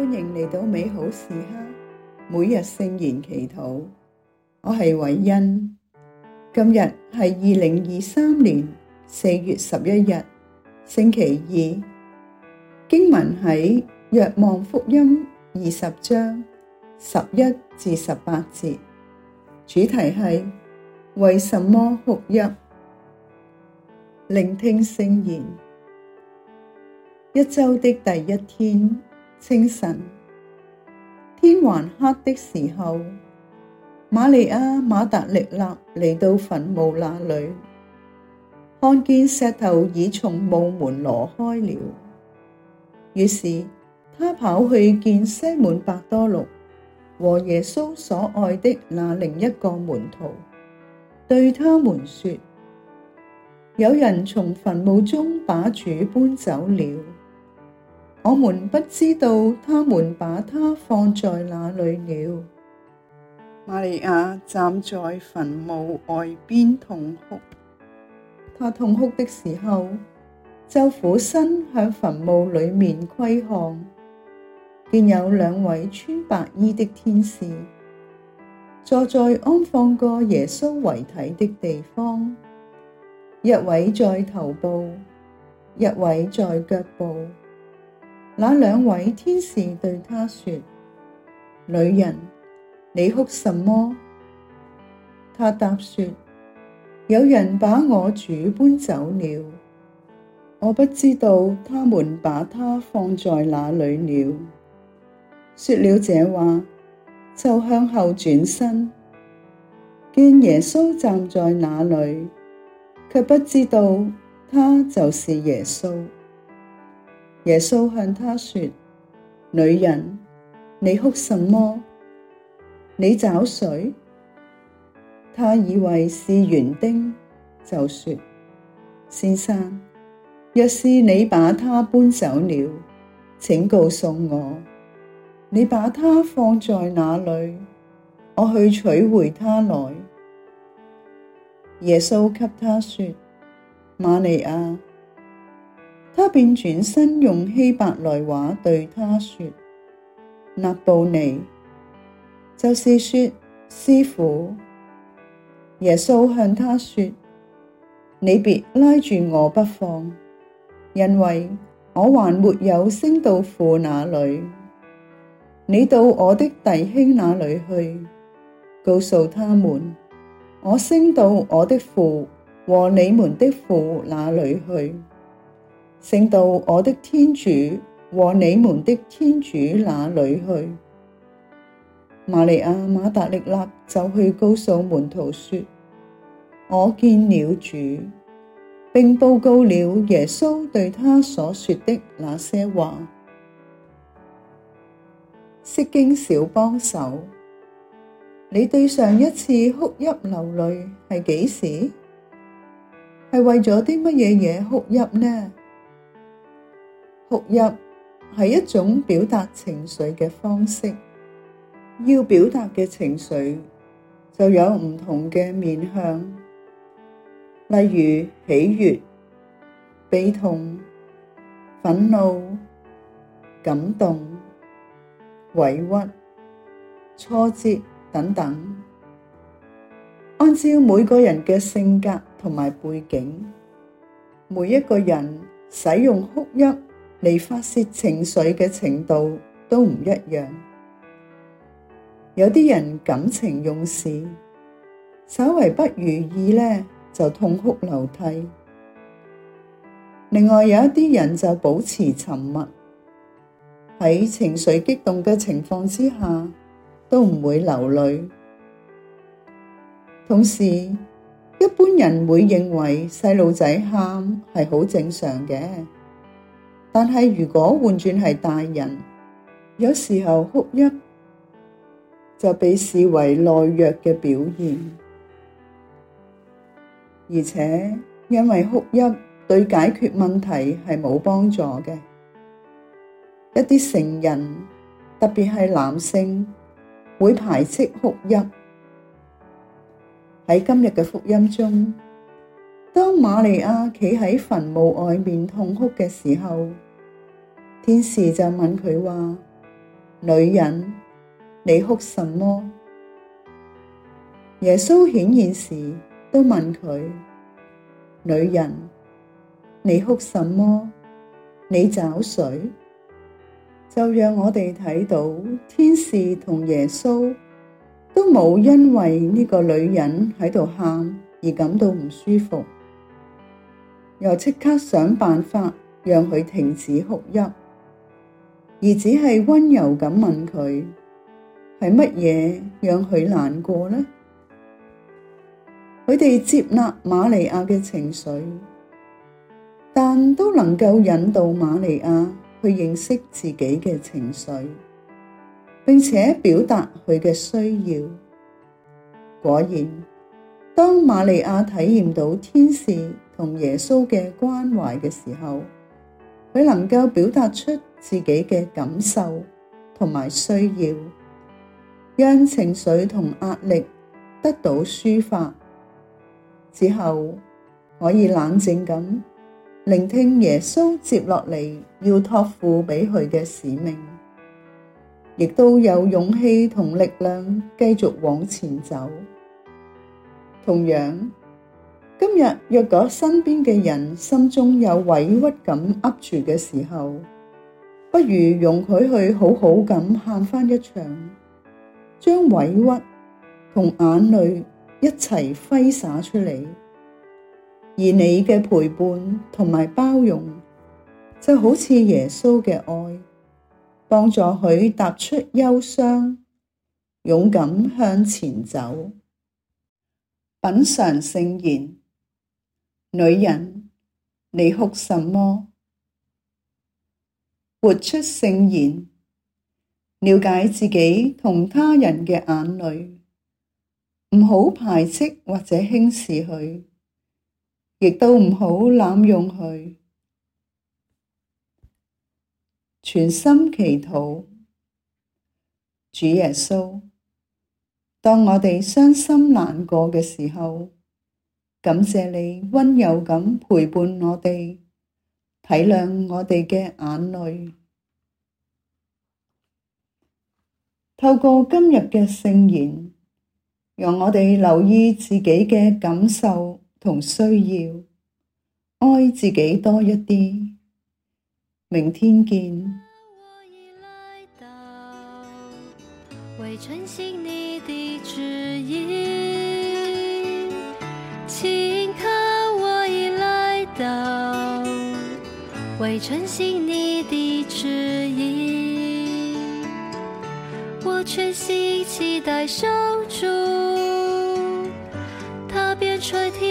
歡迎嚟到美好時刻，每日聖言祈禱。我係偉恩，今日係二零二三年四月十一日星期二，經文喺《若望福音》二十章十一至十八節，主題係為什麼哭泣？聆聽聖言，一周的第一天。清晨，天還黑的時候，瑪利亞瑪達肋納嚟到墳墓那裏，看見石頭已從墓門挪開了，於是她跑去見西滿伯多祿和耶穌所愛的那另一個門徒，對他們說：有人從墳墓，墓中把主搬走了。我們不知道他們把它放在哪裏了。瑪利亞站在墳墓外邊痛哭，她痛哭的時候就俯身向墳墓裏面窺看，見有兩位穿白衣的天使坐在安放過耶穌遺體的地方，一位在頭部，一位在腳部。那兩位天使對他說：女人，你哭什麼？他答說：有人把我主搬走了，我不知道他們把他放在哪裏了。說了這話，就向後轉身，見耶穌站在那裏，却不知道他就是耶穌。耶穌向他說：女人，你哭什麼？你找誰？他以為是園丁，就說：先生，若是你把他搬走了，請告訴我，你把他放在哪裏，我去取回他來。耶穌給他說：瑪利亞。他便轉身用希伯來話對他說：辣步尼，就是說，師傅。耶穌向他說：你別拉住我不放，因為我還沒有升到父那裏。你到我的弟兄那裏去，告訴他們，我升到我的父和你們的父那裏去。升到我的天主和你們的天主那裡去。瑪利亞瑪達肋納就去告訴門徒說，說：我見了主，並報告了耶穌對她所說的那些話。《釋經小幫手》，你對上一次哭泣流淚係幾時？係為咗啲乜嘢嘢哭泣呢？哭泣係一種表達情緒嘅方式，要表達嘅情緒就有唔同嘅面向，例如喜悅、悲痛、憤怒、感動、委屈、挫折等等。按照每個人嘅性格同埋背景，每一個人使用哭泣嚟發洩情緒嘅程度都唔一樣，有啲人感情用事，稍為不如意咧就痛哭流涕；另外有一啲人就保持沉默，喺情緒激動嘅情況之下都唔會流淚。同時，一般人會認為細路仔喊係好正常嘅。但係如果換轉係大人，有時候哭泣就被視為懦弱嘅表現，而且因為哭泣對解決問題係冇幫助嘅，一啲成人，特別係男性，會排斥哭泣。喺今日嘅福音中，當瑪利亞企喺墳墓外面痛哭嘅時候，天使就問佢話：女人，你哭什麼？耶穌顯現時都問佢：女人，你哭什麼？你找誰？就讓我哋睇到天使同耶穌都冇因為呢個女人喺度喊而感到唔舒服。又即刻想辦法讓佢停止哭泣，而只係温柔咁問佢，係乜嘢讓佢難過呢？佢哋接納瑪利亞嘅情緒，但都能夠引導瑪利亞去認識自己嘅情緒，並且表達佢嘅需要。果然。當瑪利亞體驗到天使同耶穌嘅關懷嘅時候，佢能夠表達出自己嘅感受同埋需要，讓情緒同壓力得到抒發之後，可以冷靜咁聆聽耶穌接落嚟要託付俾佢嘅使命，亦都有勇氣同力量繼續往前走。同樣，今日若果身邊嘅人心中有委屈咁噏住嘅時候，不如容許佢好好咁喊翻一場，將委屈同眼淚一齊揮灑出嚟。而你嘅陪伴同埋包容，就好似耶穌嘅愛，幫助佢踏出憂傷，勇敢向前走。品嚐聖言，女人，你哭什麼？活出聖言，了解自己同他人嘅眼淚，唔好排斥或者輕視佢，亦都唔好濫用佢。全心祈禱，主耶穌。當我哋傷心難過嘅時候，感謝祢温柔咁陪伴我哋，體諒我哋嘅眼淚。透過今日嘅聖言，讓我哋留意自己嘅感受同需要，愛自己多一啲。明天見。會珍惜你的指引，我全心期待守住，踏遍川途。